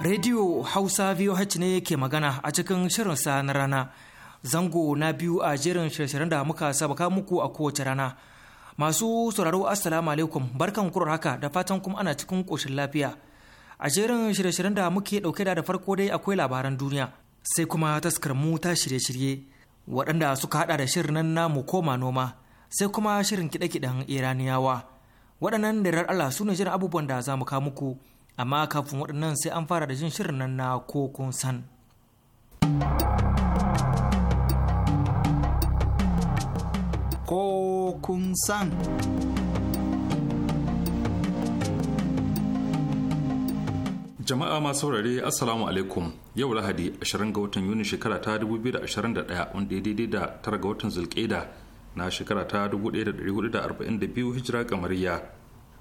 Radio Hausa VOH ne ke magana a cikin shirinsa na rana. zango na biyu a jerin shirye-shiryen da muka sabaka muku a kowace rana. Masu sauraro Assalamu alaikum barkan kurar haka da fatan kuma ana cikin koshin lafiya. A jerin shirye-shiryen da muke ɗauke da da farko dai akwai labaran duniya sai kuma taskar mu ta shirye-shirye waɗanda suka haɗa da shirin nan namu koma noma sai kuma shirin kiɗe-kiɗen Iraniyawa. Waɗannan da Allah su ne jiran abubuwan da za mu kawo muku amma kafin waɗannan sai an fara da jin shirin nan na kokon san. ko kun san. Jama'a masu saurare Assalamu alaikum yau Lahadi 20 ga watan Yuni shekara ta 2021 wanda ya daidai da tara ga watan Zulkeda na shekara ta 1442 hijira kamariya.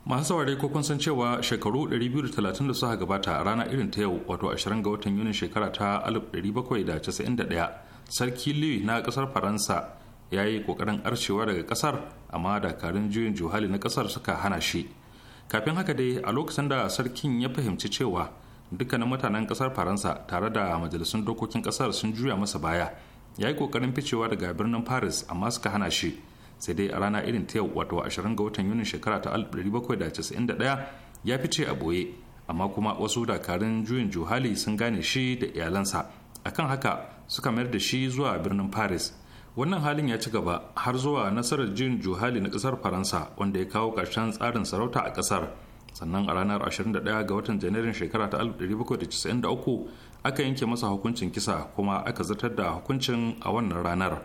Masu saurare ko kun san cewa shekaru 230 da suka gabata rana irin ta yau wato 20 ga watan Yuni shekara ta 1791 Sarki Louis na kasar Faransa ya yi kokarin arcewa daga kasar amma dakarun juyin juhali na kasar suka hana shi kafin haka dai a lokacin da sarkin ya fahimci cewa dukkanin mutanen kasar faransa tare da majalisun dokokin kasar sun juya masa baya ya yi kokarin ficewa daga birnin paris amma suka hana shi sai dai a rana irin ta yau wato 20 ga watan yunin shekara ta da 1791 ya fice a boye amma kuma wasu dakarun juyin juhali sun gane shi da iyalansa akan haka suka mayar da shi zuwa birnin paris wannan halin ya ci gaba har zuwa nasarar jin juhali na kasar faransa wanda ya kawo ƙarshen tsarin sarauta a kasar sannan a ranar 21 ga watan janairun shekara ta 1793 aka yanke masa hukuncin kisa kuma aka zartar da hukuncin a wannan ranar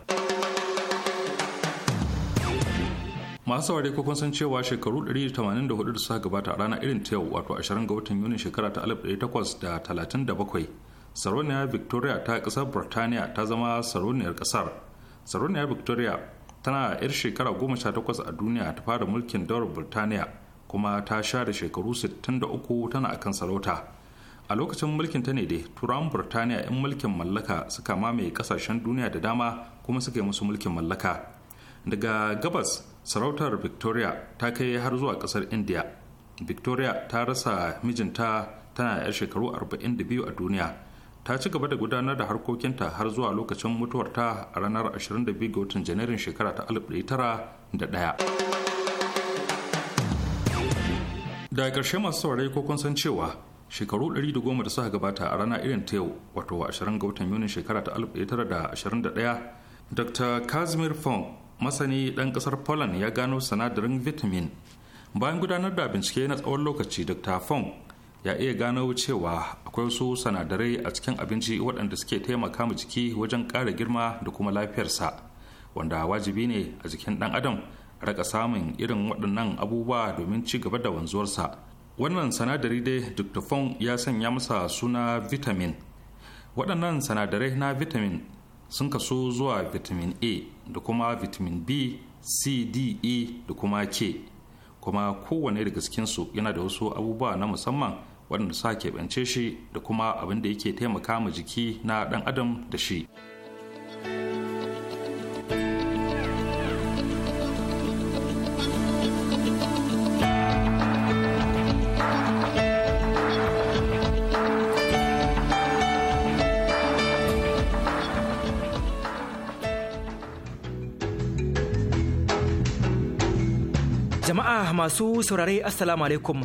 masu saurari ko san cewa shekaru 184 da suka gabata a rana irin ta yau wato 20 ga watan yuni shekara ta 1837 sarauniya victoria ta kasar birtaniya ta zama sarauniyar kasar sarauniya victoria tana yar shekara goma sha takwas a duniya ta fara mulkin dawar burtaniya kuma ta sha da shekaru 63 tana akan sarauta a lokacin mulkin ta ne dai turawan burtaniya 'yan mulkin mallaka suka mamaye kasashen duniya da dama kuma suka yi musu mulkin mallaka daga gabas sarautar victoria ta kai har zuwa kasar india victoria ta rasa mijinta tana 'yar shekaru arba'in da biyu a duniya ta ci gaba da gudanar da harkokinta har zuwa lokacin mutuwarta a ranar 22 ga watan janairun shekara ta 1901 Da ƙarshe masu saurari ko kun san cewa shekaru 110 da suka gabata a rana irin ta yau wato 20 ga watan yunin shekara ta 1921 dr kazimir fong masani ɗan ƙasar poland ya gano sinadarin vitamin bayan gudanar da bincike na tsawon lokaci dr fong ya iya gano cewa akwai wasu sanadarai a cikin abinci waɗanda suke taimaka mu jiki wajen ƙara girma da kuma lafiyarsa wanda wajibi ne a jikin ɗan adam a raka samun irin waɗannan abubuwa domin ci gaba da wanzuwarsa wannan sanadari dai duktafon ya sanya masa suna vitamin waɗannan sanadarai na vitamin sun kasu zuwa vitamin a da kuma vitamin b c d e da kuma k kuma kowane daga cikinsu yana da wasu abubuwa na musamman waɗanda sa keɓance shi da kuma abin da yake taimaka ma jiki na ɗan adam da shi Jama'a masu saurare Assalamu alaikum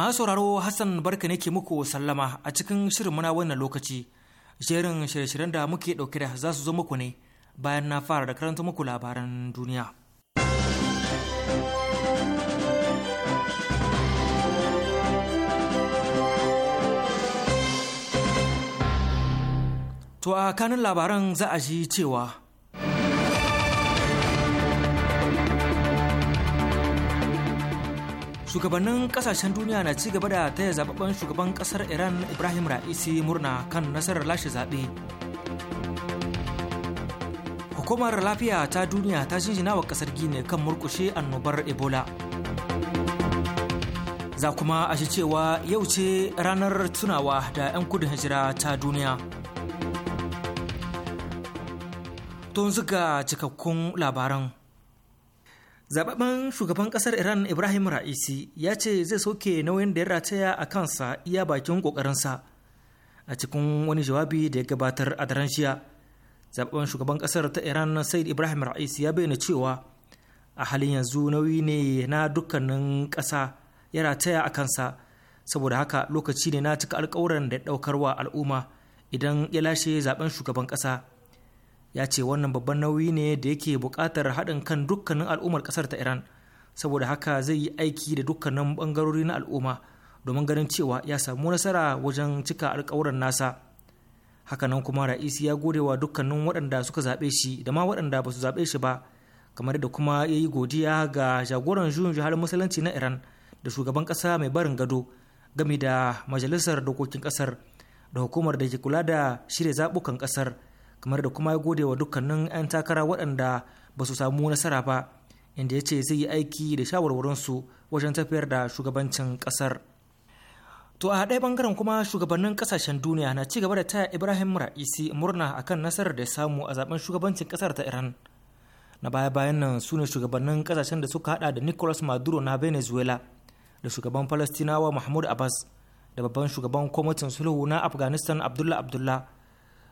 Masu sauraro Hassan barka ne ke muku sallama a cikin shirin muna wannan lokaci. Jerin shirye-shiryen da muke ɗauke da za su zo muku ne bayan na fara da karanta muku labaran duniya. To a kanin labaran za a ji cewa shugabannin kasashen duniya na ci gaba da taya zababben shugaban kasar iran ibrahim ra'isi murna kan nasarar lashe zaɓe hukumar lafiya ta duniya ta jinjina wa kasar gine kan murkushe annobar ebola za kuma a shi cewa yau ce ranar tunawa da 'yan kudin hijira ta duniya tun zuga cikakkun labaran zababben shugaban kasar iran ibrahim ra'isi ya ce zai soke nauyin da ya rataya a kansa iya bakin kokarinsa a cikin wani jawabi da ya gabatar a daren jiya zababben shugaban kasar ta iran said ibrahim ra'isi ya bayyana cewa a halin yanzu nauyi ne na dukkanin kasa ya rataya a kansa saboda haka lokaci ne na cika alkawuran da ɗaukarwa al'umma idan ya lashe zaben shugaban kasa. ya ce wannan babban nauyi ne da yake buƙatar haɗin kan dukkanin al'ummar ƙasar ta iran saboda haka zai yi aiki da dukkanin ɓangarori na al'umma domin ganin cewa ya samu nasara wajen cika alƙawuran nasa hakanan kuma ra'isi ya gode wa dukkanin waɗanda suka zaɓe shi da ma waɗanda ba su zaɓe shi ba kamar da kuma ya yi godiya ga jagoran juyin jihar musulunci na iran da shugaban ƙasa mai barin gado game da majalisar dokokin ƙasar da hukumar da ke kula da shirya zaɓukan ƙasar kamar da kuma ya gode wa dukkanin 'yan takara waɗanda ba su samu nasara ba inda ya ce zai yi aiki da shawarwarinsu wajen tafiyar da shugabancin ƙasar to a haɗe bangaren kuma shugabannin ƙasashen duniya na ci gaba da taya ibrahim ra'isi murna akan nasarar da ya samu a zaben shugabancin ƙasar ta iran na baya-bayan nan su ne shugabannin ƙasashen da suka haɗa da nicolas maduro na venezuela da shugaban falastinawa mahmud abbas da babban shugaban kwamitin sulhu na afghanistan abdullah abdullah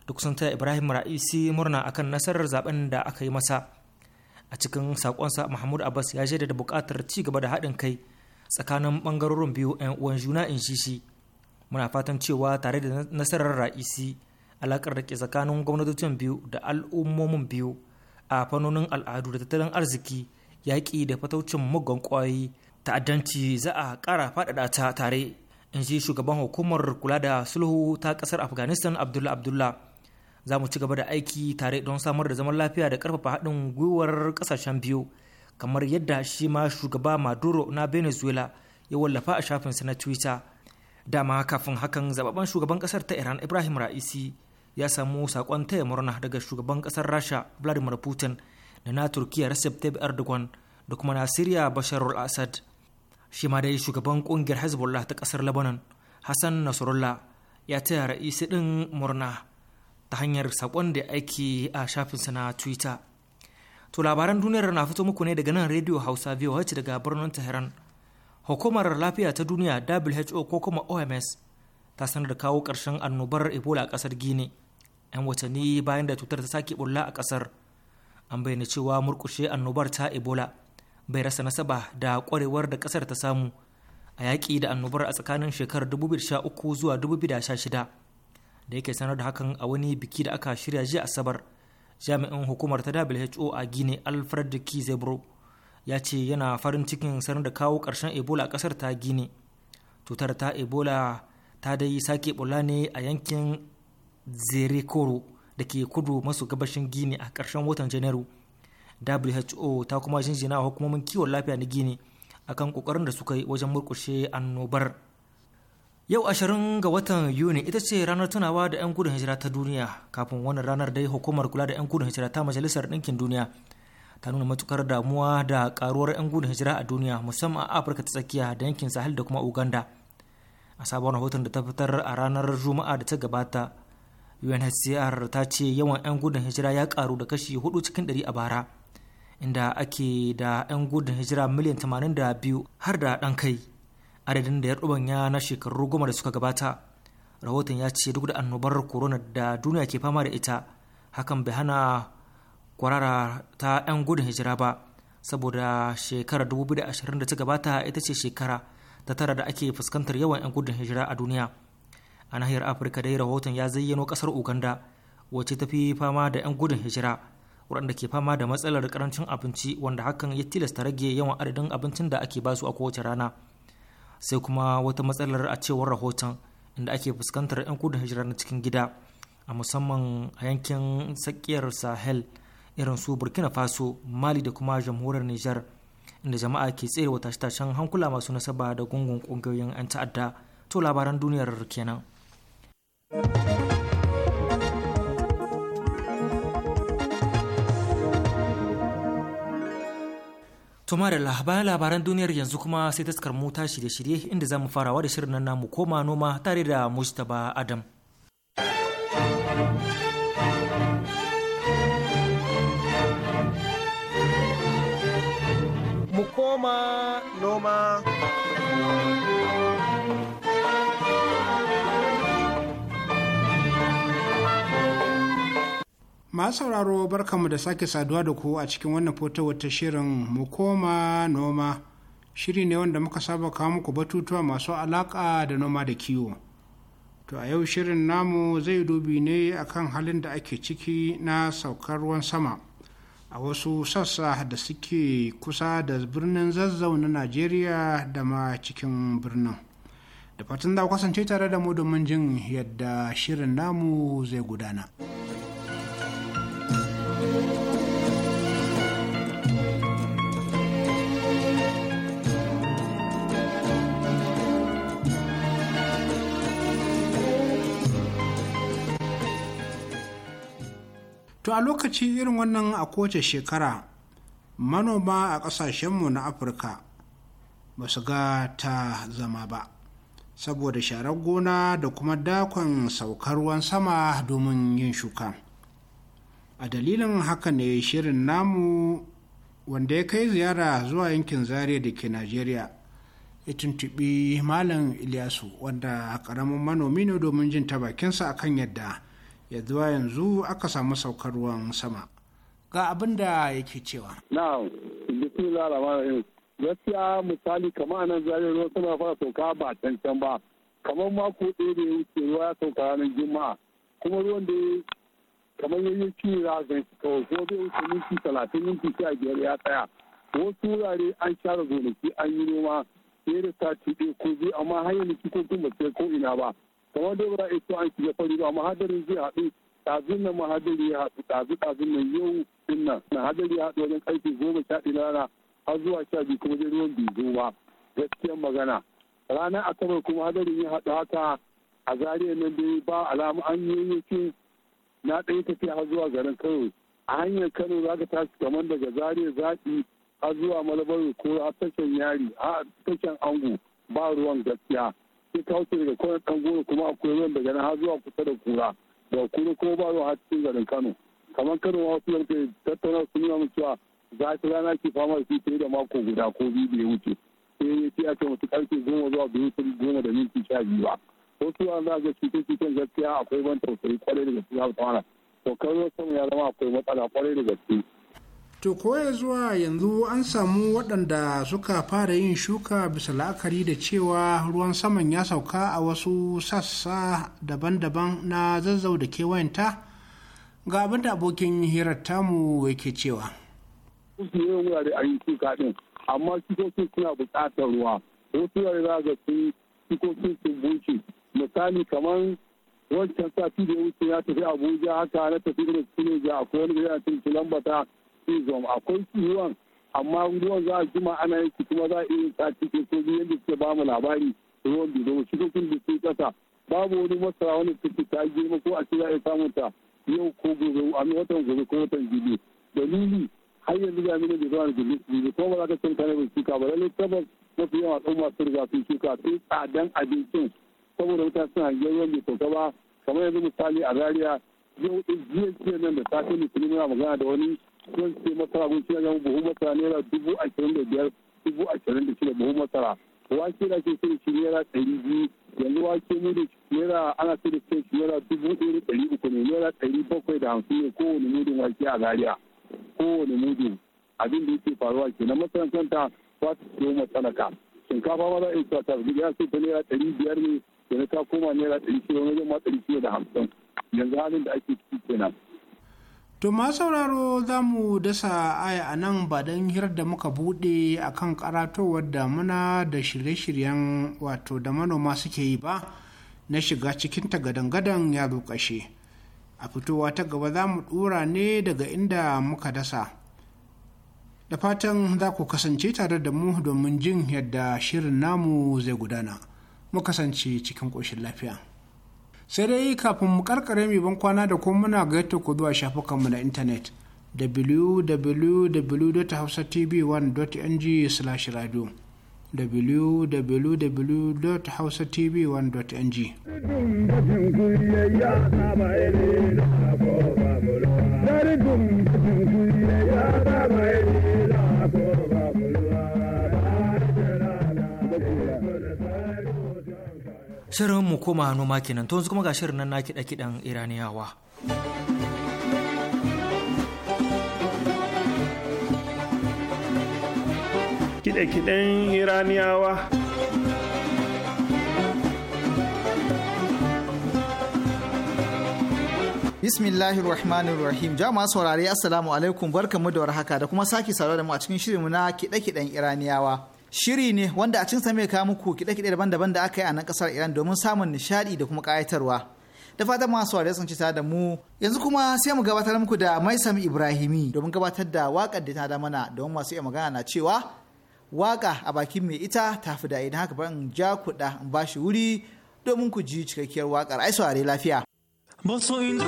duk sun taya ibrahim ra'isi murna akan nasarar zaben da aka yi masa a cikin sakonsa mahmud abbas ya shaida da buƙatar ci gaba da haɗin kai tsakanin ɓangarorin biyu 'yan uwan juna in shi muna fatan cewa tare da nasarar ra'isi alakar da ke tsakanin gwamnatocin biyu da al'ummomin biyu a fannonin al'adu da tattalin arziki yaƙi da fataucin mugan ƙwayoyi ta'addanci za a ƙara faɗaɗa ta tare in ji shugaban hukumar kula da sulhu ta ƙasar afghanistan abdullah abdullah za mu ci gaba da aiki tare don samar da zaman lafiya da karfafa haɗin gwiwar ƙasashen biyu kamar yadda shi ma shugaba maduro na venezuela ya wallafa a shafinsa na twitter dama kafin hakan zababben shugaban ƙasar ta iran ibrahim ra'isi ya samu saƙon taya murna daga shugaban ƙasar rasha vladimir putin da na turkiya recep tayyip erdogan da kuma na syria bashar al-assad shi ma dai shugaban ƙungiyar hezbollah ta ƙasar lebanon hassan nasrullah ya taya ra'isi ɗin murna ta hanyar saƙon da aiki a shafinsa na twitter to labaran duniyar na fito muku ne daga nan radio hausa voh daga birnin tehran hukumar lafiya ta duniya who ko kuma oms ta sanar da kawo ƙarshen annobar ebola a ƙasar gini 'yan watanni bayan da cutar ta sake bulla a ƙasar an bayyana cewa murkushe annobar ta ebola bai rasa nasaba da kwarewar da ƙasar ta samu a yaƙi da annobar a tsakanin shekarar 2013 zuwa 2016 da yake sanar da hakan a wani biki da aka shirya jiya asabar jami'in hukumar ta who a gine alfred kizebro ya ce yana farin cikin sanar da kawo karshen ebola a ƙasar ta gine cutar ta ebola ta dai sake bula ne a yankin zerekoro da ke kudu masu gabashin gini a karshen watan janairu who ta kuma jinjina hukumomin kiwon lafiya na gini akan kokarin da suka yi wajen murkushe annobar Yau ashirin ga watan Yuni ita ce ranar tunawa da 'yan gudun hijira ta duniya kafin wannan ranar dai hukumar kula da 'yan gudun hijira ta Majalisar Ɗinkin Duniya ta nuna matukar damuwa da karuwar 'yan gudun hijira a duniya musamman a Afirka ta tsakiya da yankin Sahel da kuma Uganda. A sabon rahoton da ta fitar a ranar Juma'a da ta gabata UNHCR ta ce yawan 'yan gudun hijira ya karu da kashi hudu cikin 100 a bara inda ake da 'yan gudun hijira miliyan 82 har da ɗan kai. adadin da ya rubanya na shekaru goma da suka gabata rahoton ya ce duk da annobar korona da duniya ke fama da ita hakan bai hana kwarara ta 'yan gudun hijira ba saboda shekarar 2020 da ta gabata ita ce shekara ta tara da ake fuskantar yawan 'yan gudun hijira a duniya a nahiyar afirka dai rahoton ya zayyano kasar uganda wacce ta fi fama da 'yan gudun hijira waɗanda ke fama da matsalar karancin abinci wanda hakan ya tilasta rage yawan adadin abincin da ake basu a kowace rana sai kuma wata matsalar a cewar rahoton inda ake fuskantar 'yan kudin hijira na cikin gida a musamman a yankin tsakiyar sahel irin su burkina faso mali da kuma jamhuriyar niger inda jama'a ke tserewa tashe-tashen hankula masu nasaba da gungun ƙungiyoyin 'yan ta'adda to labaran duniyar kenan. Tuma da labaran labaran duniyar yanzu kuma sai taskar mu ta shirye-shirye inda za mu farawa da shirin nan namu koma noma tare da Mustapha Adam. Mu koma noma. masu sauraro barkanmu da sake saduwa da ku a cikin wannan fotowar ta shirin mu koma noma shiri ne wanda muka saba kawo muku batutuwa masu alaƙa da noma da kiwo to a yau shirin namu zai dubi ne akan halin da ake ciki na saukar ruwan sama a wasu sassa da suke kusa da birnin zazzau na najeriya da ma cikin birnin da fatan da kasance tare da mu domin jin yadda shirin namu zai gudana. to a lokaci irin wannan a kowace shekara manoma a ƙasashenmu na afirka ba su ga ta zama ba saboda sharar gona da kuma dakon saukar ruwan sama domin yin shuka a dalilin haka ne shirin namu wanda ya kai ziyara zuwa yankin zaria da ke najeriya ya tuntuɓi malam iliyasu wanda ƙaramin manomi ne domin jin ta bakinsa akan yadda yadda yanzu aka samu saukar ruwan sama ga abin da yake cewa na'am gaskiya misali kamar nan zai ruwan suna fara sauka ba cancan ba kamar mako ɗaya da ya wuce ruwa ya sauka ranar juma'a kuma ruwan da kamar yayi ci za ga kawai ko zai wuce minti talatin minti sha biyar ya tsaya wasu wurare an share gonaki an yi noma sai da sati ɗaya ko biyu amma har yanzu tun ba sai ko ina ba kamar da ba ita an shiga fari ba mahadarin zai haɗu ɗazun nan mahadari ya haɗu ɗazu ɗazun nan yau din nan mahadari ya haɗu wajen ƙarfe goma sha ɗaya rana har zuwa sha biyu kuma dai ruwan biyu zo ba magana ranar asabar kuma hadarin ya haɗu haka a zariya nan dai ba alamu an yi yankin na ɗaya tafiya har zuwa garin kano a hanyar kano za ka tashi kamar daga zariya zaɓi har zuwa malabar ko a tashan yari a tashan ango ba ruwan gaskiya in ka wuce daga kwanan kangoro kuma akwai ruwan daga nan har zuwa kusa da kura da kura kuma ba zuwa har cikin garin kano kamar kano ma wasu yanke tattauna su nuna mun cewa zafi rana ke fama da fito da mako guda ko biyu da ya wuce sai ya ce a ce mutu karfe goma zuwa biyu sun goma da minti sha biyu ba wasu yawan za a ga cikin cucen gaskiya akwai ban tausayi kwarai da gaske ya fara to kawai sama ya zama akwai matsala kwarai da gaske to koya zuwa yanzu an samu waɗanda suka fara yin shuka bisa la'akari da cewa ruwan saman ya sauka a wasu sassa daban-daban na zazzau da kewayenta ga abin da abokin hirar tamu yake cewa wurare a yi shuka ɗin amma shukokin suna buƙatar ruwa wasu wurare za ga sun shukokin sun bushe misali kamar wancan sati da ya wuce ya tafi abuja haka na tafi da cikin akwai wani gari a cikin lambata izom akwai ruwan amma ruwan za a jima ana yanki kuma za a iya sa cikin soji yadda suke ba mu labari ruwan bai zama cikin da su kasa babu wani masara wani suke ta girma ko a ce za a samun ta yau ko gobe a watan gobe ko watan jibi dalili har yanzu ga mini da zama da jibi ko ba za ka san ne ba shuka ba lallai tabbas mafi yawan al'umma su riga sun shuka sai tsadan abincin saboda mutane suna yawan da sauka ba kamar yanzu misali a zaria yau jiya jiya nan da safe musulmi muna magana da wani zan ce masara kun ce ga buhu masara naira dubu ashirin da biyar dubu ashirin da shida buhu masara wake na ke sai shi naira ɗari biyu yanzu wake ne da naira ana sai da shi naira dubu ɗaya da ɗari uku ne naira ɗari bakwai da hamsin ne kowane mudin wake a zaria kowane mudin abin da yake faruwa ke na masana'anta ba su siyo matsalaka shinkafa ma za a yi ta ta ya sai ta naira ɗari biyar ne yanzu ta koma naira ɗari shida wani ma ɗari shida da hamsin yanzu halin da ake ciki kenan To ma sauraro za mu dasa aya a nan ba don hirar da muka buɗe a kan karatowar muna da shirye-shiryen wato da manoma suke yi ba na shiga cikin tagadan-gadan ya zo ƙashe. A fitowa ta gaba za mu ɗura ne daga inda muka dasa. Da fatan za ku kasance tare da mu domin jin yadda shirin namu zai gudana. Mu kasance cikin ƙoshin lafiya. sai dai kafin mu karkare mai ban kwana da kuma muna gayyata ku zuwa shafukanmu na intanet www.hausatv1.ng/radio www.hausatv1.ng Dari dum Shirin mu koma noma kenan to yanzu kuma ga shirin nan na kiɗa-kiɗan Iraniyawa. Kiɗe-kiɗen Iraniyawa. Bismillahir Rahmanir Rahim. Jama'a saurari Assalamu alaikum barkamu da warhaka da kuma sake saurare da mu a cikin shirinmu na kiɗe-kiɗen Iraniyawa. shiri ne wanda a cin sa mai kawo muku kiɗe-kiɗe daban-daban da aka yi a nan ƙasar Iran domin samun nishaɗi da kuma ƙayatarwa. Da fatan masu ware sun ci ta da mu yanzu kuma sai mu gabatar muku da Maisam Ibrahimi domin gabatar da waƙar da ta da mana domin masu iya magana na cewa waƙa a bakin mai ita ta fi da idan haka bari in ja kuɗa in ba shi wuri domin ku ji cikakkiyar waƙar ai saurare lafiya. Ba in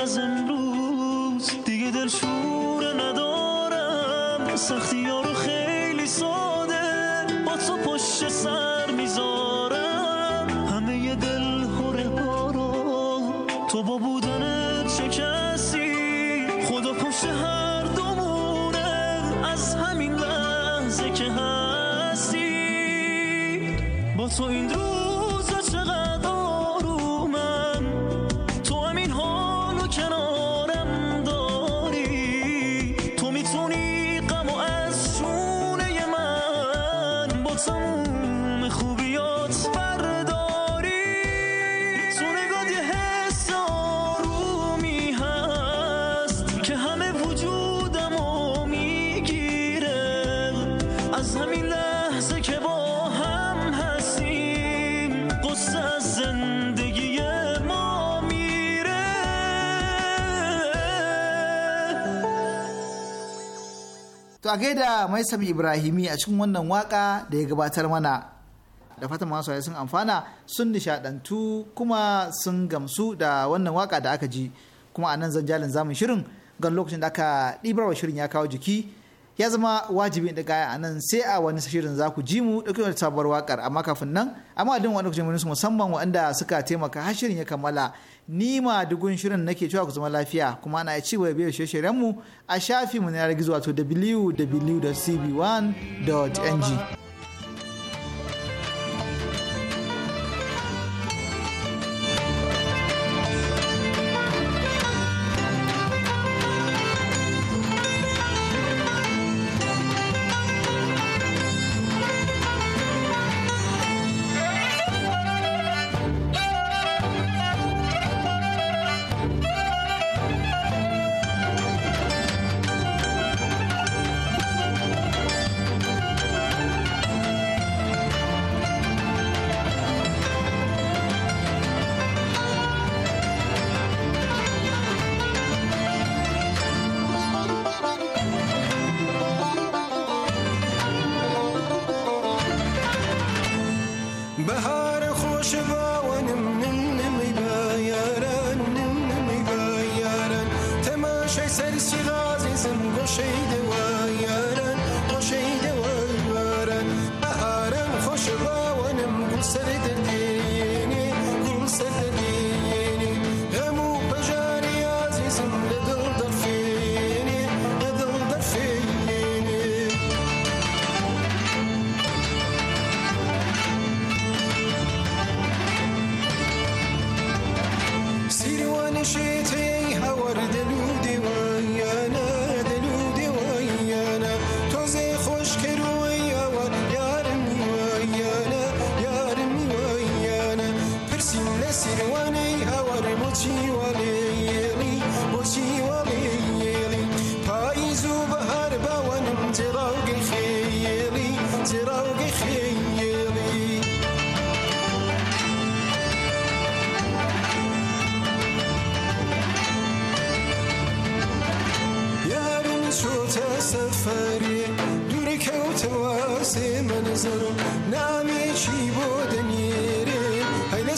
wasn't To a gaida mai sami Ibrahimi a cikin wannan waka da ya gabatar mana. Da fatan masu sun amfana sun nishadantu kuma sun gamsu da wannan waka da aka ji. Kuma a nan zan zanjalin zamun shirin gan lokacin da aka ɗibarwa shirin ya kawo jiki ya zama wajibi da gaya a nan sai a wani shirin za ku ji mu dauke wata sabuwar wakar amma kafin nan amma din wani lokacin su musamman waɗanda suka taimaka har shirin ya kammala ni ma dugun shirin nake cewa ku zama lafiya kuma ana ci wa biyar shirye mu a mu na yar gizo wato www.cb1.ng.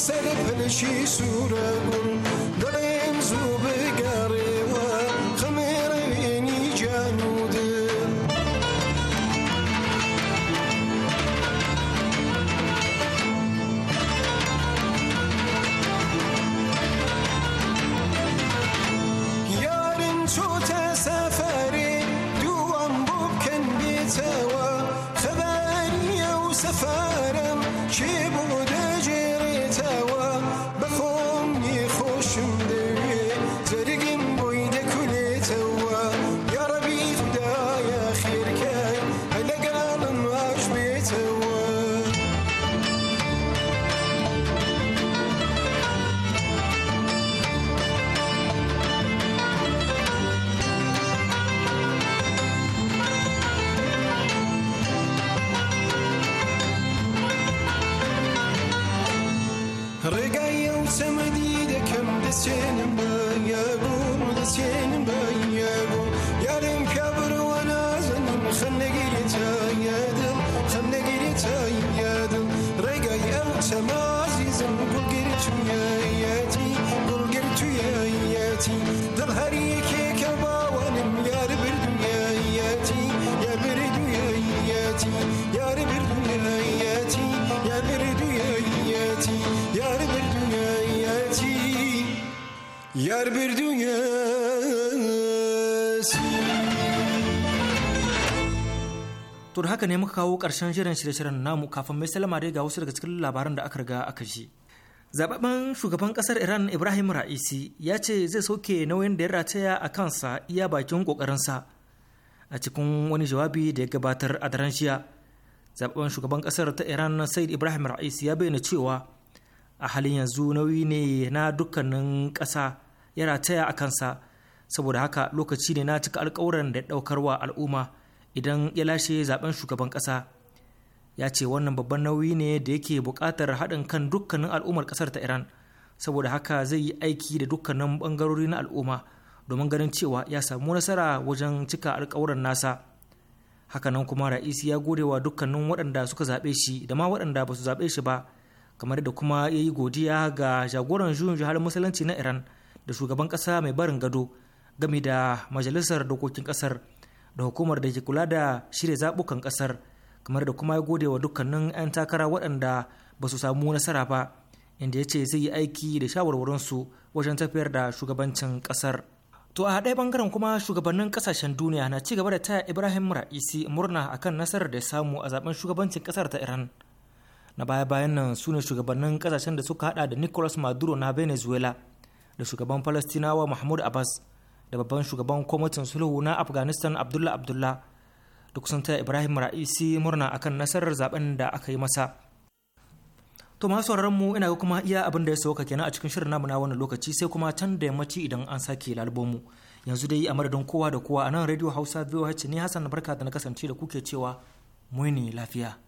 سر پلشی سور گل Dertler bir dünyası. Tur haka ne muka kawo ƙarshen shirin shirye-shiryen namu kafin mai salama dai ga wasu daga cikin labaran da aka riga aka ji. Zababben shugaban ƙasar Iran Ibrahim Ra'isi ya ce zai soke nauyin da ya rataya a kansa iya bakin ƙoƙarinsa a cikin wani jawabi da ya gabatar a daren jiya. Zababben shugaban ƙasar ta Iran Said Ibrahim Ra'isi ya bayyana cewa a halin yanzu nauyi ne na dukkanin ƙasa yana rataya a kansa saboda haka lokaci ne na cika alkawuran da ya daukar wa al'umma idan ya lashe zaben shugaban kasa ya ce wannan babban nauyi ne da yake buƙatar haɗin kan dukkanin al'ummar ƙasar ta iran saboda haka zai yi aiki da dukkanin ɓangarori na al'umma domin ganin cewa ya samu nasara wajen cika alkawuran nasa hakanan kuma ra'isi ya gode wa dukkanin waɗanda suka zaɓe shi da ma waɗanda ba su zaɓe shi ba kamar da kuma ya yi godiya ga jagoran juyin jihar musulunci na iran da shugaban ƙasa mai barin gado game da majalisar dokokin ƙasar da hukumar da ke kula da shirya zaɓukan ƙasar kamar da kuma ya gode wa dukkanin 'yan takara waɗanda ba su samu nasara ba inda ya ce zai yi aiki da shawarwarinsu wajen tafiyar da shugabancin ƙasar to a haɗe bangaren kuma shugabannin ƙasashen duniya na ci gaba da taya ibrahim ra'isi murna akan nasarar da ya samu a zaben shugabancin ƙasar ta iran na baya-bayan nan su ne shugabannin ƙasashen da suka haɗa da nicolas maduro na venezuela da shugaban falastinawa mahmud abbas da babban shugaban kwamitin sulhu na afghanistan abdullah abdullah da kusanta ibrahim ra'isi murna akan nasarar zaben da aka yi masa to masu sauraron mu ina kuma iya abin da ya sauka kenan a cikin shirin namu na wannan lokaci sai kuma can da yammaci idan an sake mu yanzu dai a madadin kowa da kowa a nan radio hausa voh ne hassan barka da na kasance da kuke cewa muni lafiya